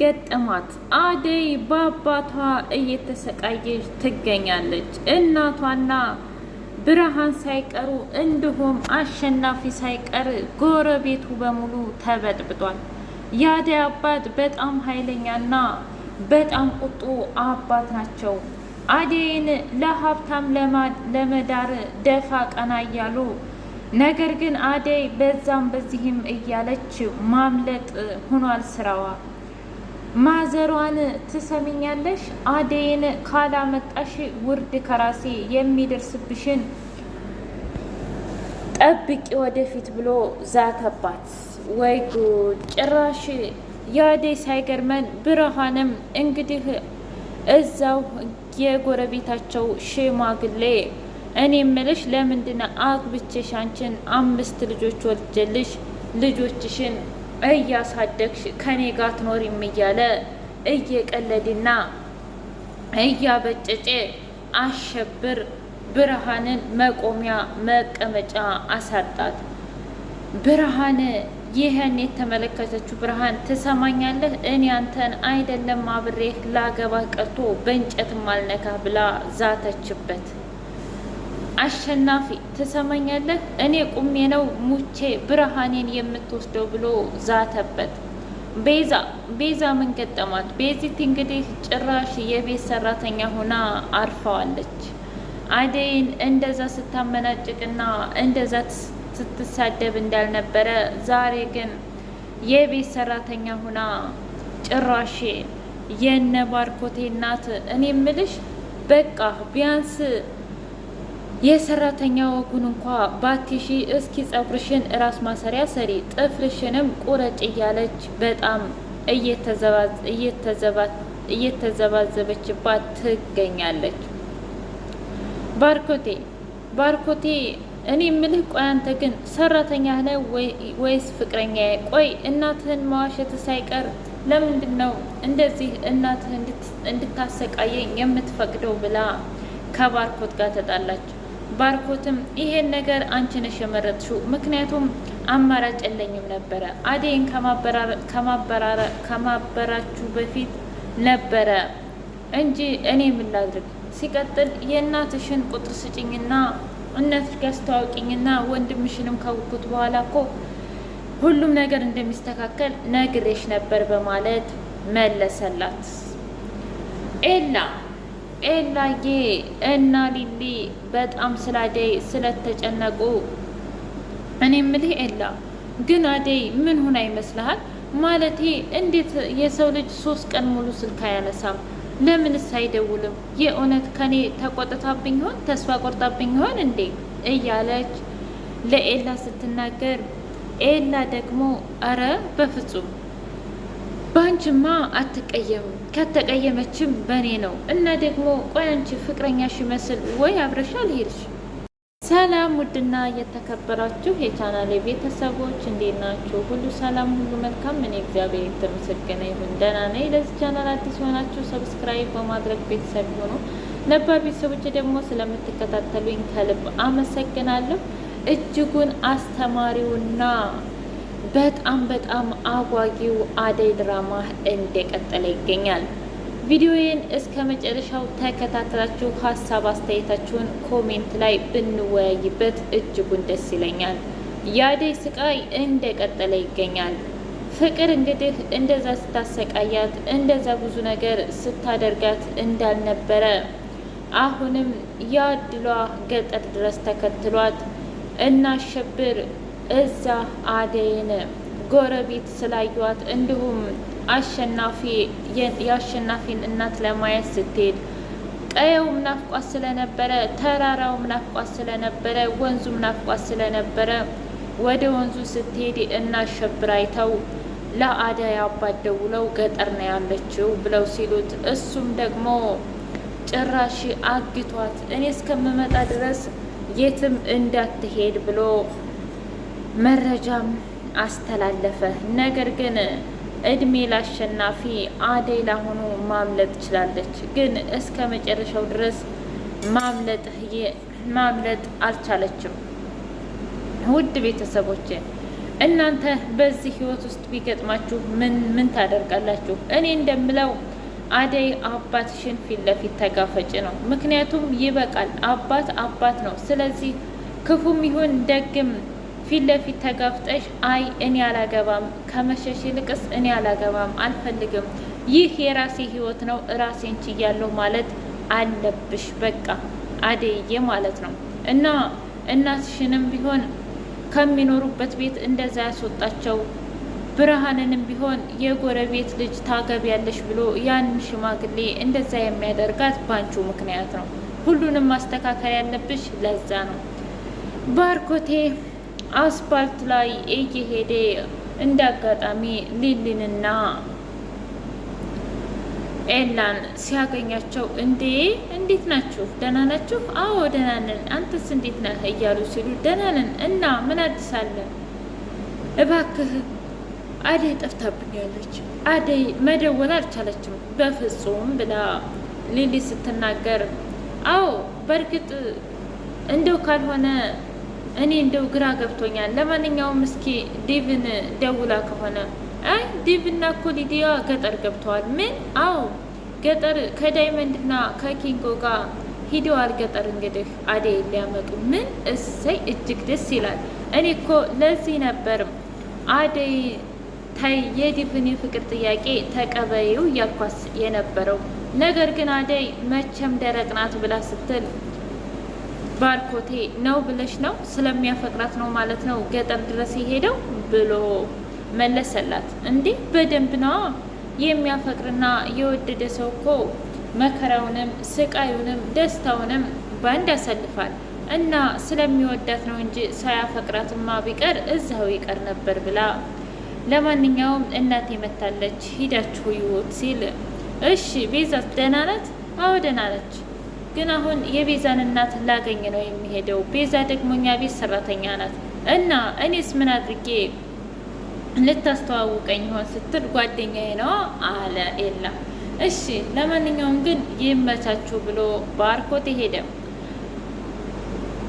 ገጠማት። አደይ በአባቷ እየተሰቃየች ትገኛለች። እናቷና ብርሃን ሳይቀሩ እንዲሁም አሸናፊ ሳይቀር ጎረቤቱ በሙሉ ተበጥብጧል። የአደይ አባት በጣም ኃይለኛና በጣም ቁጡ አባት ናቸው። አደይን ለሀብታም ለመዳር ደፋ ቀና እያሉ ነገር ግን አደይ በዛም በዚህም እያለች ማምለጥ ሆኗል ስራዋ። ማዘሯን ትሰሚኛለሽ? አደይን ካላመጣሽ ውርድ ከራሴ የሚደርስብሽን ጠብቂ ወደፊት ብሎ ዛተባት። ወይ ጉድ! ጭራሽ የአደይ ሳይገርመን ብርሃንም እንግዲህ እዛው የጎረቤታቸው ሽማግሌ እኔ እምልሽ ለምንድን አግብቼሽ አንቺን አምስት ልጆች ወልጀልሽ ልጆችሽን እያሳደግሽ ከኔ ጋር ትኖሪም እያለ እየቀለድና እያበጨጨ አሸብር ብርሃንን መቆሚያ መቀመጫ አሳጣት። ብርሃን ይህን የተመለከተችው ብርሃን ትሰማኛለህ፣ እኔ አንተን አይደለም አብሬህ ላገባህ ቀርቶ በእንጨትም አልነካህ ብላ ዛተችበት። አሸናፊ ትሰማኛለህ? እኔ ቁሜ ነው ሙቼ ብርሃኔን የምትወስደው ብሎ ዛተበት። ቤዛ ቤዛ ምን ገጠማት? ቤዚት እንግዲህ ጭራሽ የቤት ሰራተኛ ሆና አርፈዋለች። አደይን እንደዛ ስታመናጭቅና እንደዛ ስትሳደብ እንዳልነበረ ዛሬ ግን የቤት ሰራተኛ ሆና ጭራሽ የነ ባርኮቴ እናት እኔ ምልሽ በቃ ቢያንስ የሰራተኛው ኩን እንኳ ባቲሺ እስኪ ጸጉርሽን ራስ ማሰሪያ ሰሪ ጥፍርሽንም ቁረጭ እያለች በጣም እየተዘባዘበችባት ትገኛለች። ባርኮቴ ባርኮቴ እኔ ምልህ ቆይ፣ አንተ ግን ሰራተኛ ነህ ወይስ ፍቅረኛ? ቆይ እናትህን መዋሸት ሳይቀር ለምንድን ነው እንደዚህ እናትህ እንድታሰቃየኝ የምትፈቅደው? ብላ ከባርኮት ጋር ተጣላች። ባርኮትም ይሄን ነገር አንቺ ነሽ የመረጥሽው፣ ምክንያቱም አማራጭ የለኝም ነበረ አዴን ከማበራችሁ በፊት ነበረ እንጂ እኔ ምን ላድርግ። ሲቀጥል የእናትሽን ቁጥር ስጭኝና እናትሽ ጋር አስተዋውቂኝና ወንድምሽንም ካወኩት በኋላ እኮ ሁሉም ነገር እንደሚስተካከል ነግሬሽ ነበር በማለት መለሰላት ኤላ ኤላዬ እና ሊሊ በጣም ስለ አደይ ስለተጨነቁ እኔ ምልህ ኤላ ግን አደይ ምን ሆና ይመስልሃል? ማለቴ እንዴት የሰው ልጅ ሶስት ቀን ሙሉ ስልክ አያነሳም? ለምንስ አይደውልም? የእውነት ከኔ ተቆጥታብኝ ይሆን? ተስፋ ቆርጣብኝ ይሆን እንዴ? እያለች ለኤላ ስትናገር ኤላ ደግሞ አረ በፍጹም ባንቺማ አትቀየምም፣ ከተቀየመችም በእኔ ነው። እና ደግሞ ቆይ አንቺ ፍቅረኛሽ ይመስል ወይ አብረሻል ሄድሽ? ሰላም ውድና የተከበራችሁ የቻናሌ ቤተሰቦች እንዴት ናችሁ? ሁሉ ሰላም፣ ሁሉ መልካም። እኔ እግዚአብሔር የተመሰገነ ይሁን ደህና ነኝ። ለዚህ ቻናል አዲስ የሆናችሁ ሰብስክራይብ በማድረግ ቤተሰብ ሆኖ ነባር ቤተሰቦች ደግሞ ስለምትከታተሉኝ ከልብ አመሰግናለሁ። እጅጉን አስተማሪውና በጣም በጣም አጓጊው አደይ ድራማ እንደቀጠለ ይገኛል። ቪዲዮዬን እስከ መጨረሻው ተከታተላችሁ ሀሳብ አስተያየታችሁን ኮሜንት ላይ ብንወያይበት እጅጉን ደስ ይለኛል። የአደይ ስቃይ እንደቀጠለ ይገኛል። ፍቅር እንግዲህ እንደዛ ስታሰቃያት እንደዛ ብዙ ነገር ስታደርጋት እንዳልነበረ አሁንም ያድሏ ገጠር ድረስ ተከትሏት እና ሽብር እዛ አደይን ጎረቤት ስላዩዋት እንዲሁም አሸናፊ የአሸናፊን እናት ለማየት ስትሄድ ቀየውም ናፍቋት ስለነበረ ተራራውም ናፍቋት ስለነበረ ወንዙም ናፍቋት ስለነበረ ወደ ወንዙ ስትሄድ እና ሸብራይተው ለአደይ አባት ደውለው ገጠር ነው ያለችው ብለው ሲሉት እሱም ደግሞ ጭራሽ አግቷት እኔ እስከምመጣ ድረስ የትም እንዳትሄድ ብሎ መረጃም አስተላለፈ። ነገር ግን እድሜ ላሸናፊ አደይ ላሆኑ ማምለጥ ችላለች። ግን እስከ መጨረሻው ድረስ ማምለጥ አልቻለችም። ውድ ቤተሰቦች እናንተ በዚህ ህይወት ውስጥ ቢገጥማችሁ ምን ምን ታደርጋላችሁ? እኔ እንደምለው አደይ አባትሽን ፊት ለፊት ተጋፈጭ ነው። ምክንያቱም ይበቃል። አባት አባት ነው። ስለዚህ ክፉም ይሁን ደግም ፊት ለፊት ተጋፍጠሽ አይ እኔ አላገባም፣ ከመሸሽ ይልቅስ እኔ አላገባም፣ አልፈልግም፣ ይህ የራሴ ህይወት ነው ራሴን ችያለሁ ማለት አለብሽ። በቃ አደዬ ማለት ነው እና እናትሽንም ቢሆን ከሚኖሩበት ቤት እንደዛ ያስወጣቸው። ብርሃንንም ቢሆን የጎረቤት ልጅ ታገቢያለሽ ብሎ ያን ሽማግሌ እንደዛ የሚያደርጋት ባንቹ ምክንያት ነው። ሁሉንም ማስተካከል ያለብሽ ለዛ ነው ባርኮቴ አስፓልት ላይ እየሄደ እንደ አጋጣሚ ሊሊንና ኤላን ሲያገኛቸው እንዴ እንዴት ናችሁ? ደህና ናችሁ? አዎ ደህና ነን፣ አንተስ እንዴት ነህ? እያሉ ሲሉ ደህና ነን እና ምን አዲስ አለ? እባክህ አደይ ጠፍታብኛለች፣ አደይ መደወል አልቻለችም በፍጹም ብላ ሊሊ ስትናገር፣ አዎ በእርግጥ እንደው ካልሆነ እኔ እንደው ግራ ገብቶኛል። ለማንኛውም እስኪ ዲቭን ደውላ ከሆነ አይ ዲቭና እኮ ሊዲያ ገጠር ገብተዋል። ምን? አዎ ገጠር ከዳይመንድና ከኪንጎ ጋር ሂደዋል። ገጠር እንግዲህ አደይ ሊያመጡ ምን? እሰይ እጅግ ደስ ይላል። እኔ እኮ ለዚህ ነበር አደይ ታይ የዲቭን የፍቅር ጥያቄ ተቀበዩ እያልኳስ የነበረው ነገር ግን አደይ መቼም ደረቅ ናት ብላ ስትል ባርኮቴ ነው ብለሽ ነው ስለሚያፈቅራት ነው ማለት ነው ገጠር ድረስ የሄደው ብሎ መለሰላት። እንዴ በደንብ ነዋ የሚያፈቅርና የወደደ ሰው እኮ መከራውንም ስቃዩንም ደስታውንም ባንድ ያሳልፋል እና ስለሚወዳት ነው እንጂ ሳያፈቅራትማ ቢቀር እዛው ይቀር ነበር ብላ ለማንኛውም እናቴ መታለች ሂዳችሁ ይወት ሲል እሺ ቤዛ ደህና ናት? አዎ ደህና ግን አሁን የቤዛን እናት ላገኝ ነው የሚሄደው። ቤዛ ደግሞ እኛ ቤት ሰራተኛ ናት እና እኔስ ምን አድርጌ ልታስተዋውቀኝ ይሆን ስትል ጓደኛዬ ነው አለ ኤላ እሺ ለማንኛውም ግን ይመቻችሁ ብሎ ባርኮት ሄደ።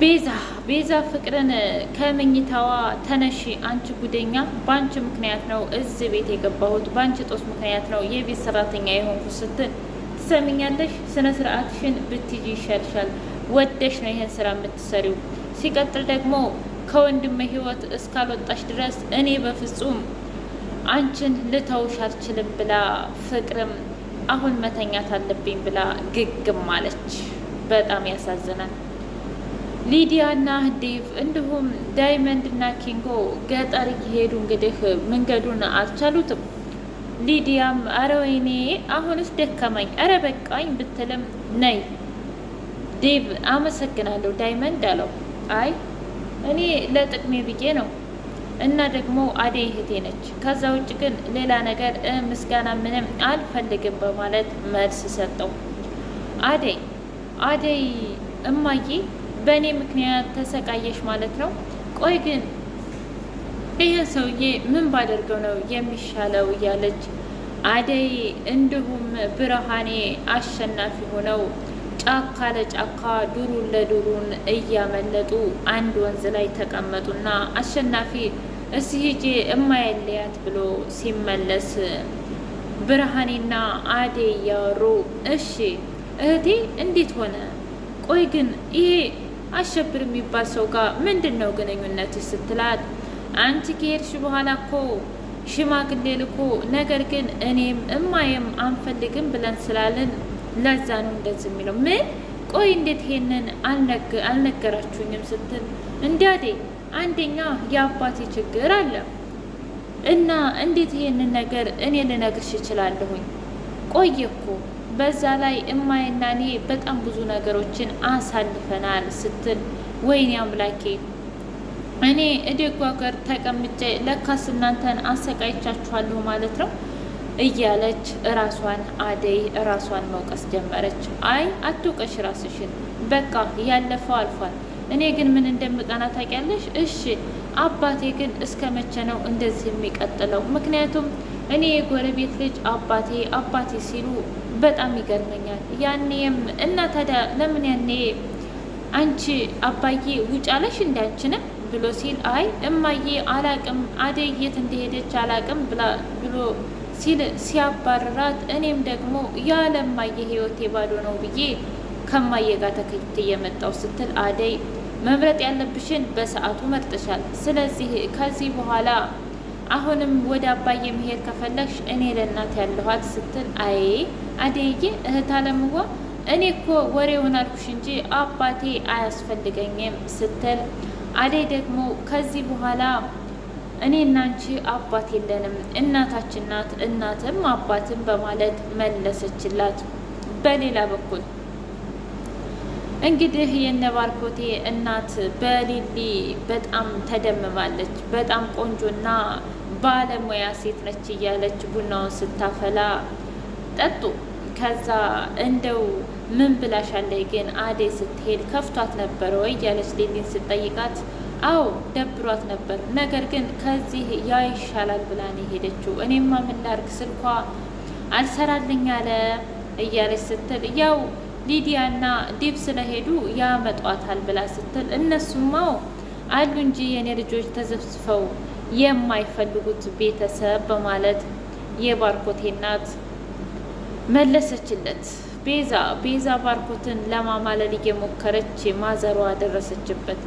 ቤዛ ቤዛ ፍቅርን ከመኝታዋ ተነሺ፣ አንቺ ጉደኛ፣ በአንቺ ምክንያት ነው እዚህ ቤት የገባሁት፣ በአንቺ ጦስ ምክንያት ነው የቤት ሰራተኛ የሆንኩ ስትል ትሰሚኛለሽ? ስነ ስርዓትሽን ብትይዥ ይሻልሻል። ወደሽ ነው ይህን ስራ የምትሰሪው። ሲቀጥል ደግሞ ከወንድም ህይወት እስካልወጣሽ ድረስ እኔ በፍጹም አንቺን ልተውሽ አልችልም ብላ ፍቅርም አሁን መተኛት አለብኝ ብላ ግግም አለች። በጣም ያሳዝናል። ሊዲያና ዴቭ እንዲሁም ዳይመንድና ኪንጎ ገጠር እየሄዱ እንግዲህ መንገዱን አልቻሉትም። ሊዲያም አረ ወይኔ አሁንስ ደከመኝ፣ አረ በቃኝ ብትልም ነይ ዴቭ አመሰግናለሁ ዳይመንድ አለው። አይ እኔ ለጥቅሜ ብዬ ነው እና ደግሞ አደይ እህቴ ነች። ከዛ ውጭ ግን ሌላ ነገር ምስጋና ምንም አልፈልግም በማለት መልስ ሰጠው። አደይ አደይ እማዬ፣ በእኔ ምክንያት ተሰቃየሽ ማለት ነው? ቆይ ግን ይህ ሰውዬ ምን ባደርገው ነው የሚሻለው እያለች አደይ እንዲሁም ብርሃኔ አሸናፊ ሆነው ጫካ ለጫካ ዱሩን ለዱሩን እያመለጡ አንድ ወንዝ ላይ ተቀመጡና አሸናፊ እስኪ እማየለያት ብሎ ሲመለስ ብርሃኔና አዴ እያወሩ እሺ እህቴ እንዴት ሆነ? ቆይ ግን ይሄ አሸብር የሚባል ሰው ጋር ምንድን ነው ግንኙነትሽ ስትላት አንቺ ከሄድሽ በኋላ እኮ ሽማግሌ ልኮ ነገር ግን እኔም እማየም አንፈልግም ብለን ስላለን ለዛ ነው እንደዚህ የሚለው። ምን ቆይ እንዴት ይሄንን አልነገራችሁኝም? ስትል እንዲያዴ አንደኛ የአባቴ ችግር አለ እና እንዴት ይሄንን ነገር እኔ ልነግርሽ እችላለሁኝ? ቆየ እኮ በዛ ላይ እማዬና እኔ በጣም ብዙ ነገሮችን አሳልፈናል ስትል ወይኔ አምላኬ እኔ እደጉ ሀገር ተቀምጬ ለካስ እናንተን አሰቃይቻችኋለሁ ማለት ነው እያለች እራሷን አደይ እራሷን መውቀስ ጀመረች። አይ አትውቀሽ ራስሽን፣ በቃ ያለፈው አልፏል። እኔ ግን ምን እንደምቀና ታውቂያለሽ? እሺ አባቴ ግን እስከ መቼ ነው እንደዚህ የሚቀጥለው? ምክንያቱም እኔ የጎረቤት ልጅ አባቴ አባቴ ሲሉ በጣም ይገርመኛል። ያኔም እና ታዲያ ለምን ያኔ አንቺ አባዬ ውጫለሽ እንዳንችንም ብሎ ሲል አይ እማዬ አላቅም አደይ የት እንደሄደች አላቅም ብሎ ሲል ሲያባርራት እኔም ደግሞ ያለ እማዬ ህይወቴ ባዶ ነው ብዬ ከማዬ ጋር ተከት የመጣው ስትል አደይ መምረጥ ያለብሽን በሰዓቱ መርጥሻል። ስለዚህ ከዚህ በኋላ አሁንም ወደ አባዬ መሄድ ከፈለግሽ እኔ ለእናት ያለኋት ስትል አይ አደይዬ እህት አለምዋ እኔ እኮ ወሬውን አልኩሽ እንጂ አባቴ አያስፈልገኝም ስትል አደይ ደግሞ ከዚህ በኋላ እኔ እናንቺ አባት የለንም እናታችን ናት እናትም አባትም በማለት መለሰችላት። በሌላ በኩል እንግዲህ የነባርኮቴ እናት በሊሊ በጣም ተደምማለች። በጣም ቆንጆና ባለሙያ ሴት ነች እያለች ቡናውን ስታፈላ ጠጡ። ከዛ እንደው ምን ብላሻለይ ግን አዴ ስትሄድ ከፍቷት ነበር ወይ እያለች ሊሊን ስትጠይቃት አዎ ደብሯት ነበር፣ ነገር ግን ከዚህ ያ ይሻላል ብላ ነው የሄደችው። እኔማ ምን ላድርግ ስልኳ አልሰራልኝ አለ እያለች ስትል ያው ሊዲያና ዲብ ስለሄዱ ያመጧታል ብላ ስትል እነሱማው አሉ እንጂ የእኔ ልጆች ተዘፍዝፈው የማይፈልጉት ቤተሰብ በማለት የባርኮቴ እናት መለሰችለት። ቤዛ ቤዛ ባርኮትን ለማማለል እየሞከረች ማዘሯ ደረሰችበት።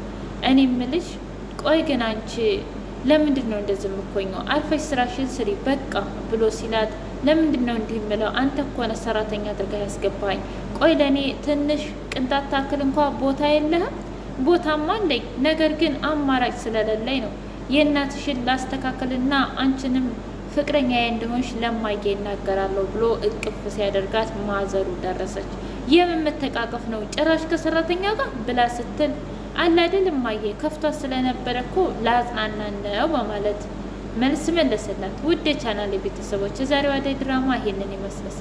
እኔ ምልሽ ቆይ ግን አንቺ ለምንድን ነው እንደዚህ የምኮኘው? አልፈሽ ስራሽን ስሪ በቃ ብሎ ሲላት፣ ለምንድን ነው እንዲህ የምለው? አንተ ኮነ ሰራተኛ አድርጋ ያስገባኝ። ቆይ ለእኔ ትንሽ ቅንጣት ታክል እንኳ ቦታ የለህም? ቦታማ አለኝ፣ ነገር ግን አማራጭ ስለሌለኝ ነው። የእናትሽን ላስተካከልና አንቺንም ፍቅረኛ እንደሆንሽ ለማየ ይናገራለሁ ብሎ እቅፍ ሲያደርጋት ማዘሩ ደረሰች። ይህም የምተቃቀፍ ነው ጭራሽ ከሰራተኛ ጋር ብላ ስትል አላደል እማየ ከፍቷ ስለነበረ እኮ ለአጽናና ነው በማለት መልስ መለሰላት። ውድ የቻናል ቤተሰቦች የዛሬዋ አደይ ድራማ ይሄንን ይመስላል።